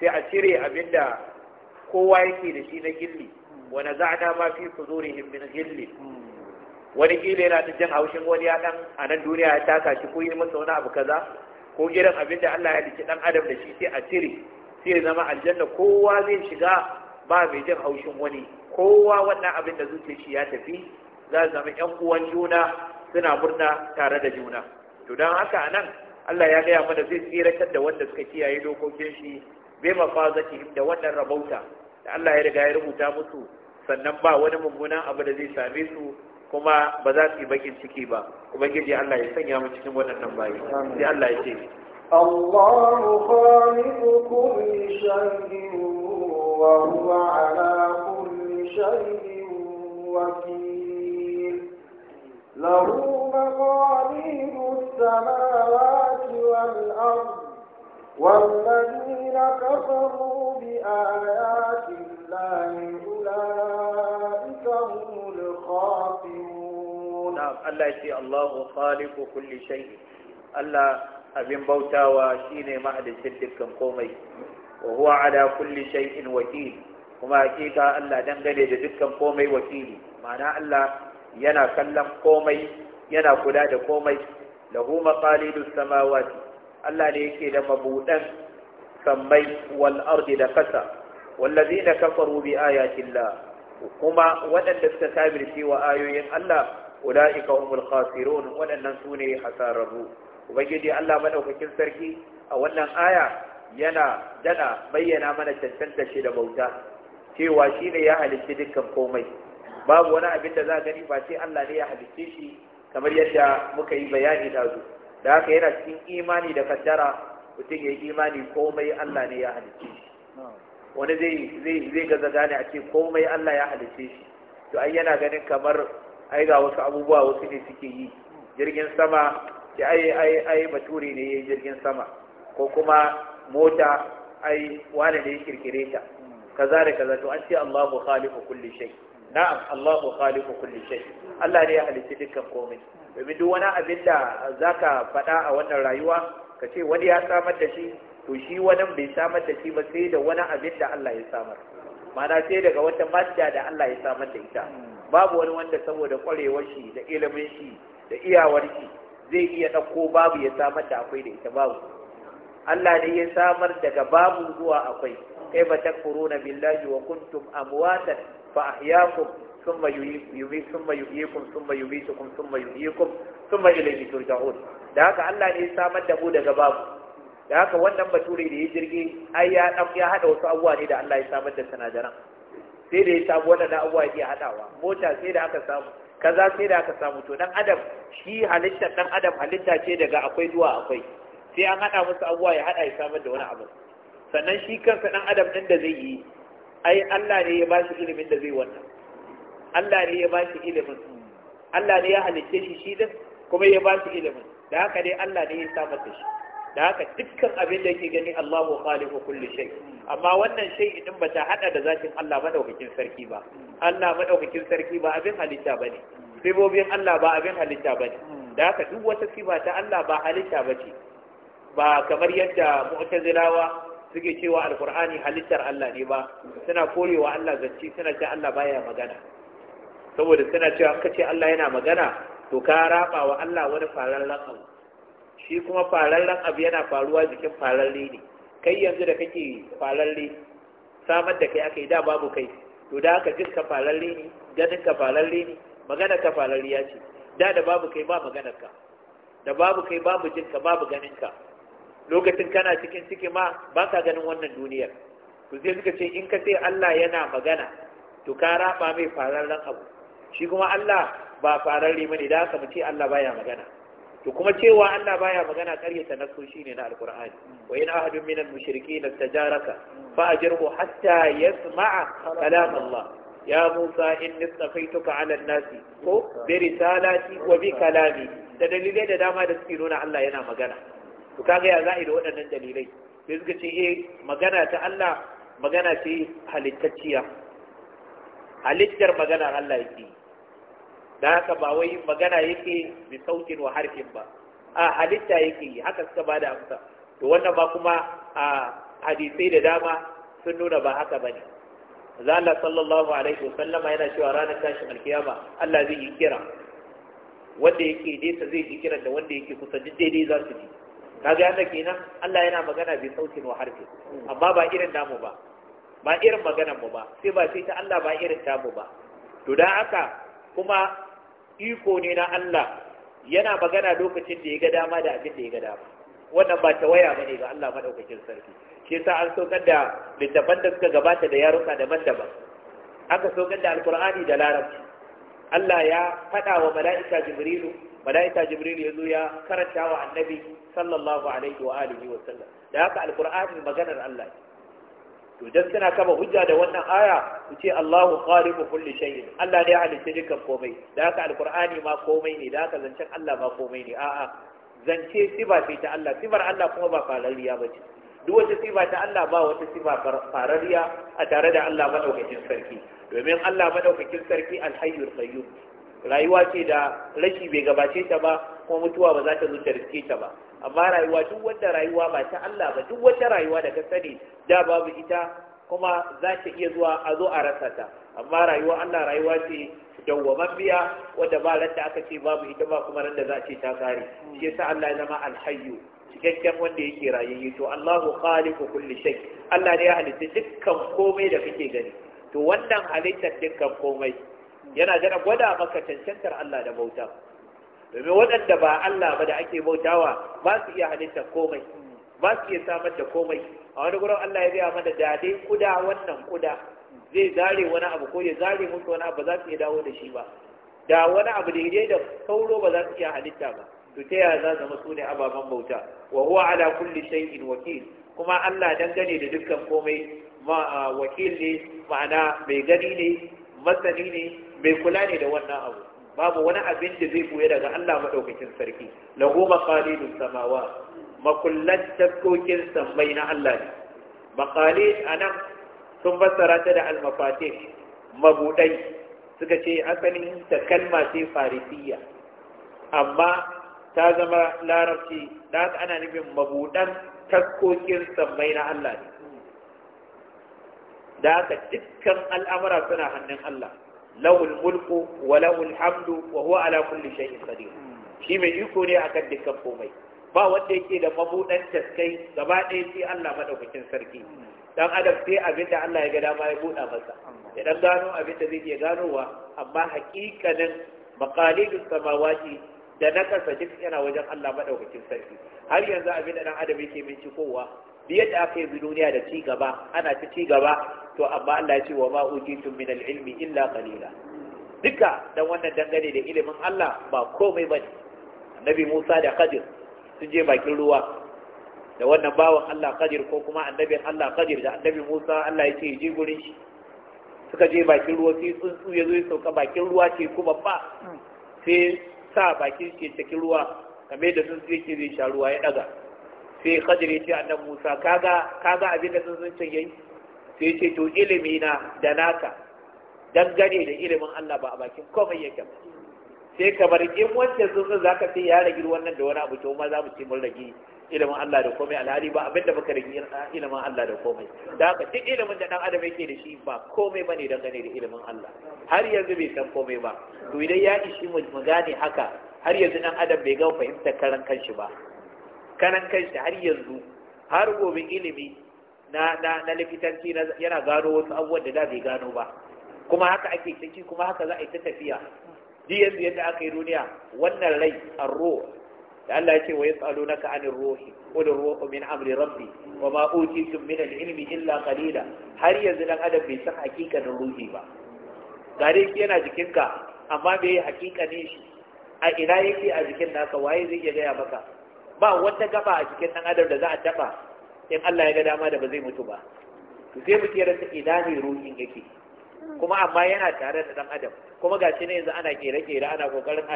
sai a cire abinda kowa yake da shi na gilli wani a ma fi su zuri himmin gilli wani gilli yana ta jan haushin wani ya dan a nan duniya ya taka shi ko yi masa wani abu kaza ko gidan abin da Allah ya dace dan adam da shi sai a cire sai zama aljanna kowa zai shiga ba mai jin haushin wani kowa wannan abin da zuke shi ya tafi za su zama 'yan uwan juna suna murna tare da juna to don haka nan, Allah ya gaya mana zai tsiratar da wanda suka kiyaye dokokin shi bai mafazatihim da wannan rabauta da Allah ya riga ya rubuta musu sannan ba wani mummunan abu da zai same su kuma ba za su yi bakin ciki ba Kuma gidi Allah ya sanya mu cikin waɗannan bayi sai Allah ya ce Allahu khaliqu kulli shay'in وهو على كل شيء وكيل له مقاليد السماوات والأرض والذين كفروا بآيات الله أولئك هم الخاسرون نعم ألا يشيء الله خالق كل شيء بوتا وشيني ما shine mahaliccin كم قومي wa huwa ala kulli shay'in wakili. kuma hakika Allah dangane da dukkan komai wakili ma'ana Allah yana kallon komai yana kula da komai lahu maqalidus samawati Allah ne yake da mabudan sammai wal ardi da kasa wallazina kafaru bi ayatillah kuma waɗanda suka kafirce wa ayoyin Allah ulaika humul khasirun waɗannan sune hasararru ubangiji Allah madaukakin sarki a wannan aya yana dana bayyana mana cancanta shi da bauta cewa shi ne ya halicci dukkan komai babu wani abin da za a gani ba sai Allah ne ya halicce shi kamar yadda muka yi bayani da su da haka yana cikin imani da kaddara mutum ya yi imani komai Allah ne ya halicce shi wani zai zai zai gaza gane a ce komai Allah ya halicce shi to ai yana ganin kamar ai ga wasu abubuwa wasu ne suke yi jirgin sama sai ai ai ai bature ne yi jirgin sama ko kuma mota ai wane ne ya kirkire ta kaza da kaza to an ce Allahu khaliqu kulli shay na'am Allahu khaliqu kulli shay Allah ne ya halitta dukkan komai domin duk wani abin da zaka faɗa a wannan rayuwa ka ce wani ya samar da shi to shi wani bai samar da shi ba sai da wani abin da Allah ya samar mana sai daga wata madda da Allah ya samar da ita babu wani wanda saboda kwarewar shi da ilimin shi da iyawar shi zai iya ɗauko babu ya samar da akwai da ita babu Allah ne ya samar daga babu zuwa akwai kai ba ta kuro na billahi wa kuntum amwata fa ahyakum thumma yuhyikum thumma yuhyikum thumma yumitukum thumma yuhyikum thumma ilayhi turja'un da haka Allah ne ya samar da mu daga babu da haka wannan bature da ya jirgi ai ya dan ya hada wasu abuwa ne da Allah ya samar da sanadaran sai da ya samu wadannan abuwa ya hadawa mota sai da aka samu kaza sai da aka samu to dan adam shi halitta dan adam halitta ce daga akwai zuwa akwai sai an haɗa musu abuwa ya haɗa ya samar da wani abu sannan shi kansa ɗan adam ɗin da zai yi ai Allah ne ya ba shi ilimin da zai wannan Allah ne ya ba shi ilimin Allah ne ya halicce shi shi din kuma ya ba shi ilimin da haka dai Allah ne ya samar da shi da haka dukkan abin da yake gani Allahu khaliqu kulli shay amma wannan shay din ba ta hada da zatin Allah madaukakin sarki ba Allah madaukakin sarki ba abin halitta bane sibobin Allah ba abin halitta bane da haka duk wata siba ta Allah ba halitta bace ba kamar yadda mu'tazilawa suke cewa alkur'ani halittar Allah ne ba suna korewa Allah zance suna cewa Allah baya magana saboda suna cewa ka ce Allah yana magana to ka raba wa Allah wani farallan abu shi kuma farallan abu yana faruwa jikin faralle ne kai yanzu da kake faralle samar da kai aka yi da babu kai to da haka jinka faralle falalle ne ganin ka falalle ne magana ka ya ce da da babu kai ba magana ka da babu kai babu jinka, babu ganin ka lokacin kana cikin ciki ma ba ka ganin wannan duniyar to sai suka ce in ka ce Allah yana magana to ka raba mai fararren abu shi kuma Allah ba fararre mani da aka mu ce Allah baya magana to kuma cewa Allah baya magana karyata nasu shine na alqur'ani wa in ahadun minal mushrikeen istajaraka fa ajirhu hatta yasma'a kalam Allah ya Musa inni safaituka 'ala an-nasi ko bi risalati wa bi kalami da dalilai da dama da suke nuna Allah yana magana to kaga ya za'i da waɗannan dalilai sai suka ce eh magana ta Allah magana ce halittacciya halittar maganar Allah yake da haka ba wai magana yake bi sautin wa harfin ba a halitta yake yi haka suka ba da amsa to wannan ba kuma a hadisai da dama sun nuna ba haka bane za Allah sallallahu alaihi wasallam yana cewa ranar tashin alkiyama Allah zai yi kira wanda yake nesa zai yi kira da wanda yake kusa duk daidai za su ji ga yadda kenan Allah yana magana bi sautin wa harfi amma ba irin namu ba ba irin maganar mu ba sai ba sai ta Allah ba irin damu ba to dan haka kuma iko ne na Allah yana magana lokacin da ya ga dama da abin da ya ga dama wannan ba ta waya bane ga Allah madaukakin sarki shi yasa an saukar da littafan da suka gabata da yaruka daban-daban aka so da alkur'ani da larabci Allah ya fada wa mala'ika jibrilu malaika jibril ya zo ya karanta wa annabi sallallahu alaihi wa alihi wa sallam da haka alqur'ani maganar Allah to dan suna kama hujja da wannan aya ku ce Allahu khaliqu kulli shay'in Allah ne ya halitta dukkan komai da haka alqur'ani ma komai ne da haka zancen Allah ma komai ne a'a zance siba ce ta Allah sibar Allah kuma ba farariya ba ce duk wata siba ta Allah ba wata siba farariya a tare da Allah madaukakin sarki domin Allah madaukakin sarki alhayyul qayyum rayuwa ce da rashi bai gabace ta ba kuma mutuwa ba za ta zo ta riske ta ba amma rayuwa duk wata rayuwa ba ta Allah ba duk wata rayuwa da ka sani da babu ita kuma za ta iya zuwa a zo a rasa ta amma rayuwa Allah rayuwa ce biya wadda ba ran da aka ce babu ita ba kuma ran da za ce ta kare shi yasa Allah ya zama alhayyu cikakken wanda yake rayayye to Allahu khaliqu kulli shay Allah ne ya halitta dukkan komai da kake gani to wannan halittar dukkan komai yana daɗa gwada maka cancantar Allah da bauta domin waɗanda ba Allah ba da ake bautawa ba su iya halitta komai ba su iya samar da komai a wani gurin Allah ya gaya mana da dai kuda wannan kuda zai zare wani abu ko ya zare musu wani abu za su iya dawo da shi ba da wani abu da ya da sauro ba za su iya halitta ba to ta yaya za zama su ne ababen bauta wa huwa ala kulli shay'in wakil kuma Allah dangane da dukkan komai wakil ne ma'ana mai gani ne masani ne mai kula ne da wannan abu babu wani abin da zai koya daga Allah madaukakin sarki lahu maqalidus samawa makullan takokin sammai na Allah ne maqalid anan sun fassara ta da al-mafatih mabudai suka ce asalin ta kalma ce farisiya amma ta zama larabci da haka ana nufin mabudan takokin sammai na Allah ne da haka dukkan al'amura suna hannun Allah Lawul mulku wa lahul hamdu wa huwa ala kulli shay'in qadir shi mai iko ne akan dukkan komai ba wanda yake da mabudan taskai gaba ɗaya sai Allah madaukakin sarki dan adam sai abinda Allah ya ga dama ya buɗa masa ya dan gano abinda zai iya ganowa amma hakikanin maqalidus samawati da na kasa duk yana wajen Allah madaukakin sarki har yanzu abinda dan adam yake bincikowa da aka yi duniya da cigaba ana ta ci to amma Allah ya ce wa ma ujitum min al-ilmi illa qalila duka dan wannan dangane da ilimin Allah ba komai bane annabi Musa da Qadir sun je bakin ruwa da wannan bawan Allah Qadir ko kuma annabin Allah Qadir da annabi Musa Allah ya ce je gurin shi suka je bakin ruwa sai tsuntsu ya zo ya sauka bakin ruwa ce kuma ba hmm. sai sa bakin shi cikin ruwa kamar da tsuntsu yake zai sha ruwa ya daga sai khadir ya ce annan musa kaga ga abin da sun tsuntsun yayi sai ce to ilimi na da naka dangane da ilimin Allah ba a bakin komai yake ba sai kamar in wancan za zaka fi ya ragi wannan da wani abu to ma za mu ce mun ragi ilimin Allah da komai alhali ba abin da muka ragi ilimin Allah da komai da haka duk ilimin da dan adam yake da shi ba komai ba ne dangane da ilimin Allah har yanzu bai san komai ba to idan ya ishi mu gane haka har yanzu dan adam bai ga fahimtar karan kanshi ba kanan kanshi har yanzu har gobe ilimi na na na likitanci yana gano wasu abubuwan da da bai gano ba kuma haka ake ciki kuma haka za a yi ta tafiya ji yanzu yadda aka yi duniya wannan rai arro. da Allah ya ce wa yas'alunaka 'anil ruhi qul ruhu min amri rabbi wa ma utitum min al-ilmi illa qalila har yanzu dan adam bai san hakikanin ruhi ba gare shi yana jikinka amma bai hakika ne shi a ina yake a jikin naka waye zai iya gaya maka ba wata gaba a cikin ɗan adam da za a taɓa in Allah ya ga dama da ba zai mutu ba to sai mutu ya rasa ina ne ruhin yake kuma amma yana tare da ɗan adam kuma ga shi ne yanzu ana kere-kere ana kokarin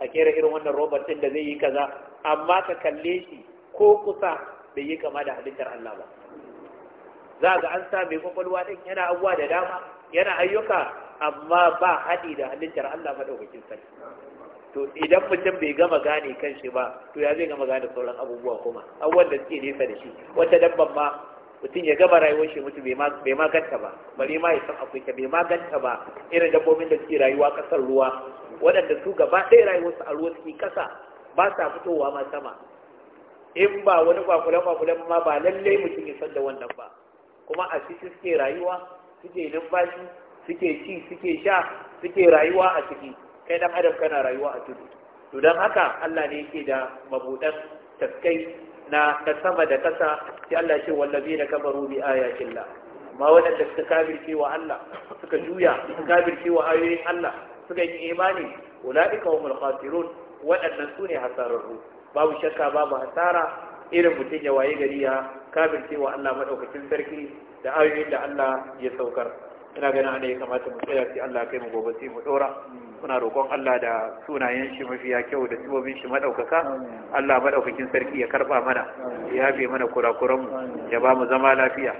a kera irin wannan robar din da zai yi kaza amma ka kalle shi ko kusa bai yi kama da halittar Allah ba za ga an sa mai kwakwalwa ɗin yana abuwa da dama yana ayyuka amma ba haɗi da halittar Allah maɗaukakin sarki to idan mutum bai gama gane kan shi ba to ya zai gama gane sauran abubuwa kuma abubuwan da suke nesa da shi wata dabban ma mutum ya gama rayuwar shi mutu bai ma ganta ba bari ma ya san akwai ta bai ma ganta ba irin dabbobin da suke rayuwa kasar ruwa waɗanda su gaba ɗaya rayuwarsu a ruwa suke kasa ba sa fitowa ma sama in ba wani kwakulan kwakulan ma ba lallai mutum ya san da wannan ba kuma a ciki suke rayuwa suke numfashi suke ci suke sha suke rayuwa a ciki kai dan adam kana rayuwa a tudu to dan haka Allah ne yake da mabudan tafkai na ta sama da kasa sai Allah ce wallazina kafaru bi ayatin Allah amma wadanda suka kafirce wa Allah suka juya suka kafirce wa ayoyin Allah suka yi imani ulaika humul khasirun waɗannan su ne hasararru babu shakka babu hasara irin mutum ya waye gari ya kafirce wa Allah madaukakin sarki da ayoyin da Allah ya saukar ina ganin ana ya kamata mu tsaya sai Allah kai mu gobe sai mu dora muna roƙon Allah da sunayen shi mafiya kyau da sibobin shi madaukaka Allah madaukakin sarki ya karba mana ya yafe mana kurakuran mu ya ba mu zama lafiya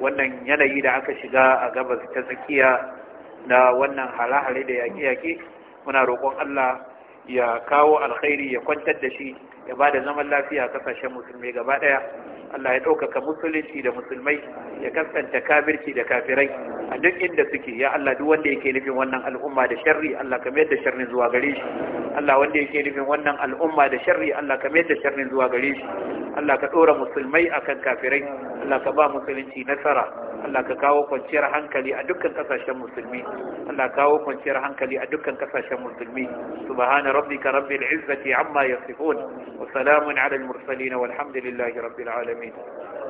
wannan yanayi da aka shiga a gabas ta tsakiya na wannan hare da yaƙe-yaƙe muna roƙon Allah ya kawo alkhairi ya kwantar da shi ya ba da zaman lafiya kasashen musulmi gaba ɗaya Allah ya ɗaukaka musulunci da musulmai ya kaskanta kafirci da kafirai a duk inda suke ya Allah duk wanda yake nufin wannan al'umma da sharri Allah ka mayar da sharrin zuwa gare shi Allah wanda yake nufin wannan al'umma da sharri Allah ka mayar da sharrin zuwa gare shi Allah ka ɗora musulmai akan kafirai Allah ka ba musulunci nasara Allah ka kawo kwanciyar hankali a dukkan kasashen musulmi Allah kawo kwanciyar hankali a dukkan kasashen musulmi subhana rabbika rabbil izzati amma yasifun wa salamun ala al mursalin walhamdulillahi rabbil alamin